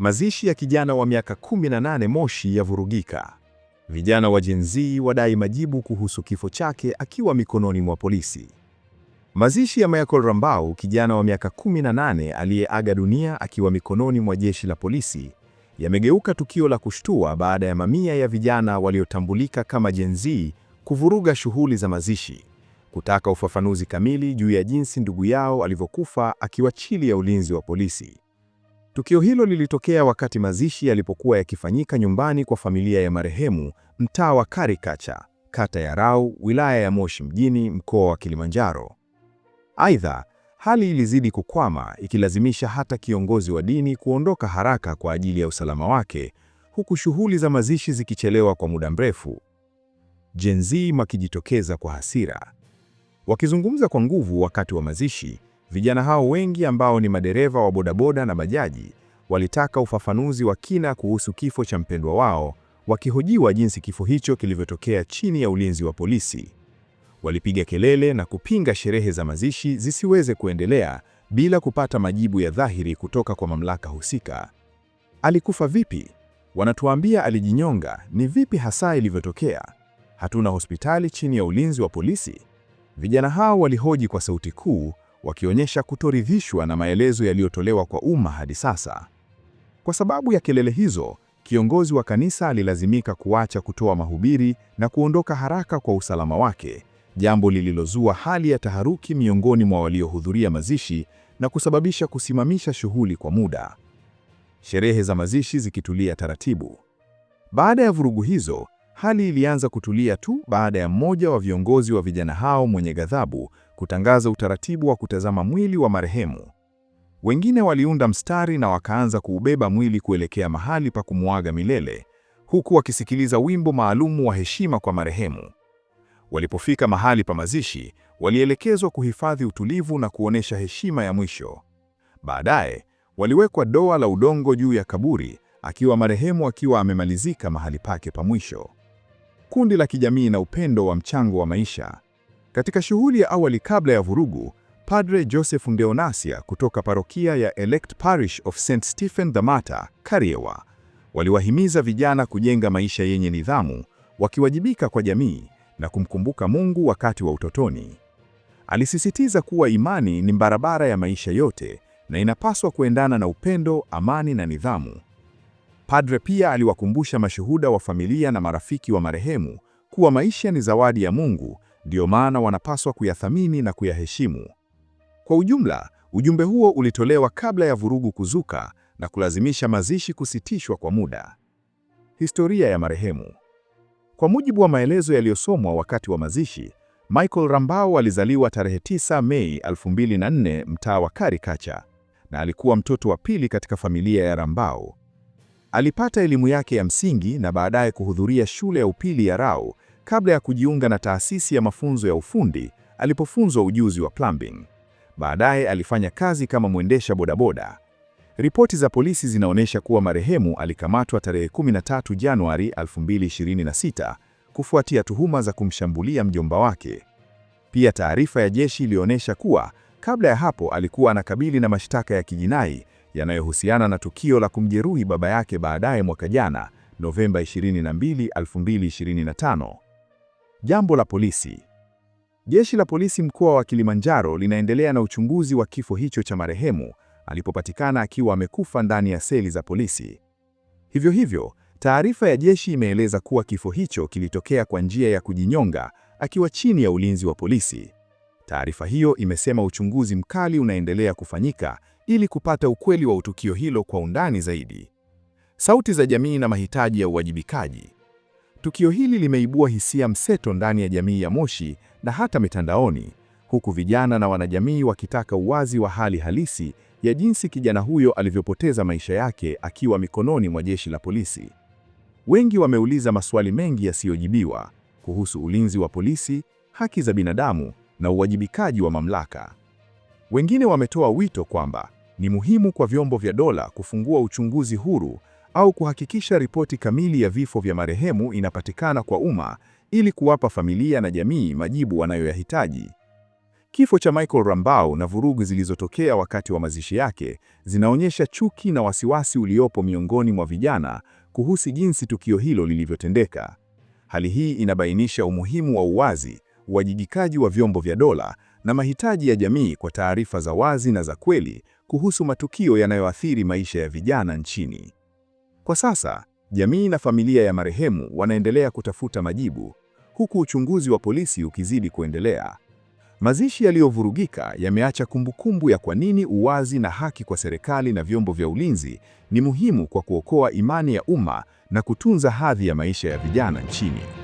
Mazishi ya kijana wa miaka 18 Moshi yavurugika. Vijana wa Gen Z wadai majibu kuhusu kifo chake akiwa mikononi mwa polisi. Mazishi ya Michael Rambau, kijana wa miaka 18 aliyeaga dunia akiwa mikononi mwa jeshi la polisi, yamegeuka tukio la kushtua baada ya mamia ya vijana waliotambulika kama Gen Z kuvuruga shughuli za mazishi, kutaka ufafanuzi kamili juu ya jinsi ndugu yao alivyokufa akiwa chini ya ulinzi wa polisi. Tukio hilo lilitokea wakati mazishi yalipokuwa yakifanyika nyumbani kwa familia ya marehemu, mtaa wa Karikacha, kata ya Rau, wilaya ya Moshi mjini, mkoa wa Kilimanjaro. Aidha, hali ilizidi kukwama, ikilazimisha hata kiongozi wa dini kuondoka haraka kwa ajili ya usalama wake, huku shughuli za mazishi zikichelewa kwa muda mrefu. Gen Z wakijitokeza kwa hasira, wakizungumza kwa nguvu wakati wa mazishi, Vijana hao wengi ambao ni madereva wa bodaboda na bajaji walitaka ufafanuzi wa kina kuhusu kifo cha mpendwa wao, wakihojiwa jinsi kifo hicho kilivyotokea chini ya ulinzi wa polisi. Walipiga kelele na kupinga sherehe za mazishi zisiweze kuendelea bila kupata majibu ya dhahiri kutoka kwa mamlaka husika. Alikufa vipi? Wanatuambia alijinyonga. Ni vipi hasa ilivyotokea? Hatuna hospitali chini ya ulinzi wa polisi. Vijana hao walihoji kwa sauti kuu, wakionyesha kutoridhishwa na maelezo yaliyotolewa kwa umma hadi sasa. Kwa sababu ya kelele hizo, kiongozi wa kanisa alilazimika kuacha kutoa mahubiri na kuondoka haraka kwa usalama wake, jambo lililozua hali ya taharuki miongoni mwa waliohudhuria mazishi na kusababisha kusimamisha shughuli kwa muda. Sherehe za mazishi zikitulia taratibu. Baada ya vurugu hizo, hali ilianza kutulia tu baada ya mmoja wa viongozi wa vijana hao mwenye ghadhabu kutangaza utaratibu wa kutazama mwili wa marehemu. Wengine waliunda mstari na wakaanza kuubeba mwili kuelekea mahali pa kumuaga milele, huku wakisikiliza wimbo maalumu wa heshima kwa marehemu. Walipofika mahali pa mazishi, walielekezwa kuhifadhi utulivu na kuonesha heshima ya mwisho. Baadaye, waliwekwa doa la udongo juu ya kaburi, akiwa marehemu akiwa amemalizika mahali pake pa mwisho. Kundi la kijamii na upendo wa mchango wa maisha. Katika shughuli ya awali kabla ya vurugu, Padre Joseph Ndeonasia kutoka parokia ya Elect Parish of St. Stephen the Martyr, Kariewa, waliwahimiza vijana kujenga maisha yenye nidhamu, wakiwajibika kwa jamii na kumkumbuka Mungu wakati wa utotoni. Alisisitiza kuwa imani ni barabara ya maisha yote na inapaswa kuendana na upendo, amani na nidhamu. Padre pia aliwakumbusha mashuhuda wa familia na marafiki wa marehemu kuwa maisha ni zawadi ya Mungu Ndiyo maana wanapaswa kuyathamini na kuyaheshimu. Kwa ujumla, ujumbe huo ulitolewa kabla ya vurugu kuzuka na kulazimisha mazishi kusitishwa kwa muda. Historia ya marehemu. Kwa mujibu wa maelezo yaliyosomwa wakati wa mazishi, Michael Rambau alizaliwa tarehe 9 Mei 2004 mtaa wa Karikacha na alikuwa mtoto wa pili katika familia ya Rambau. Alipata elimu yake ya msingi na baadaye kuhudhuria shule ya upili ya Rau kabla ya kujiunga na taasisi ya mafunzo ya ufundi alipofunzwa ujuzi wa plumbing. Baadaye alifanya kazi kama mwendesha bodaboda. Ripoti za polisi zinaonyesha kuwa marehemu alikamatwa tarehe 13 Januari 2026 kufuatia tuhuma za kumshambulia mjomba wake. Pia taarifa ya jeshi ilionyesha kuwa kabla ya hapo alikuwa anakabili na mashtaka ya kijinai yanayohusiana na tukio la kumjeruhi baba yake baadaye mwaka jana Novemba 22, 2025. Jambo la polisi. Jeshi la polisi mkoa wa Kilimanjaro linaendelea na uchunguzi wa kifo hicho cha marehemu alipopatikana akiwa amekufa ndani ya seli za polisi. Hivyo hivyo, taarifa ya jeshi imeeleza kuwa kifo hicho kilitokea kwa njia ya kujinyonga akiwa chini ya ulinzi wa polisi. Taarifa hiyo imesema uchunguzi mkali unaendelea kufanyika ili kupata ukweli wa utukio hilo kwa undani zaidi. Sauti za jamii na mahitaji ya uwajibikaji. Tukio hili limeibua hisia mseto ndani ya jamii ya Moshi na hata mitandaoni, huku vijana na wanajamii wakitaka uwazi wa hali halisi ya jinsi kijana huyo alivyopoteza maisha yake akiwa mikononi mwa jeshi la polisi. Wengi wameuliza maswali mengi yasiyojibiwa kuhusu ulinzi wa polisi, haki za binadamu na uwajibikaji wa mamlaka. Wengine wametoa wito kwamba ni muhimu kwa vyombo vya dola kufungua uchunguzi huru au kuhakikisha ripoti kamili ya vifo vya marehemu inapatikana kwa umma ili kuwapa familia na jamii majibu wanayoyahitaji. Kifo cha Michael Rambau na vurugu zilizotokea wakati wa mazishi yake zinaonyesha chuki na wasiwasi uliopo miongoni mwa vijana kuhusu jinsi tukio hilo lilivyotendeka. Hali hii inabainisha umuhimu wa uwazi, uwajibikaji wa vyombo vya dola na mahitaji ya jamii kwa taarifa za wazi na za kweli kuhusu matukio yanayoathiri maisha ya vijana nchini. Kwa sasa, jamii na familia ya marehemu wanaendelea kutafuta majibu, huku uchunguzi wa polisi ukizidi kuendelea. Mazishi yaliyovurugika yameacha kumbukumbu ya kwa nini uwazi na haki kwa serikali na vyombo vya ulinzi ni muhimu kwa kuokoa imani ya umma na kutunza hadhi ya maisha ya vijana nchini.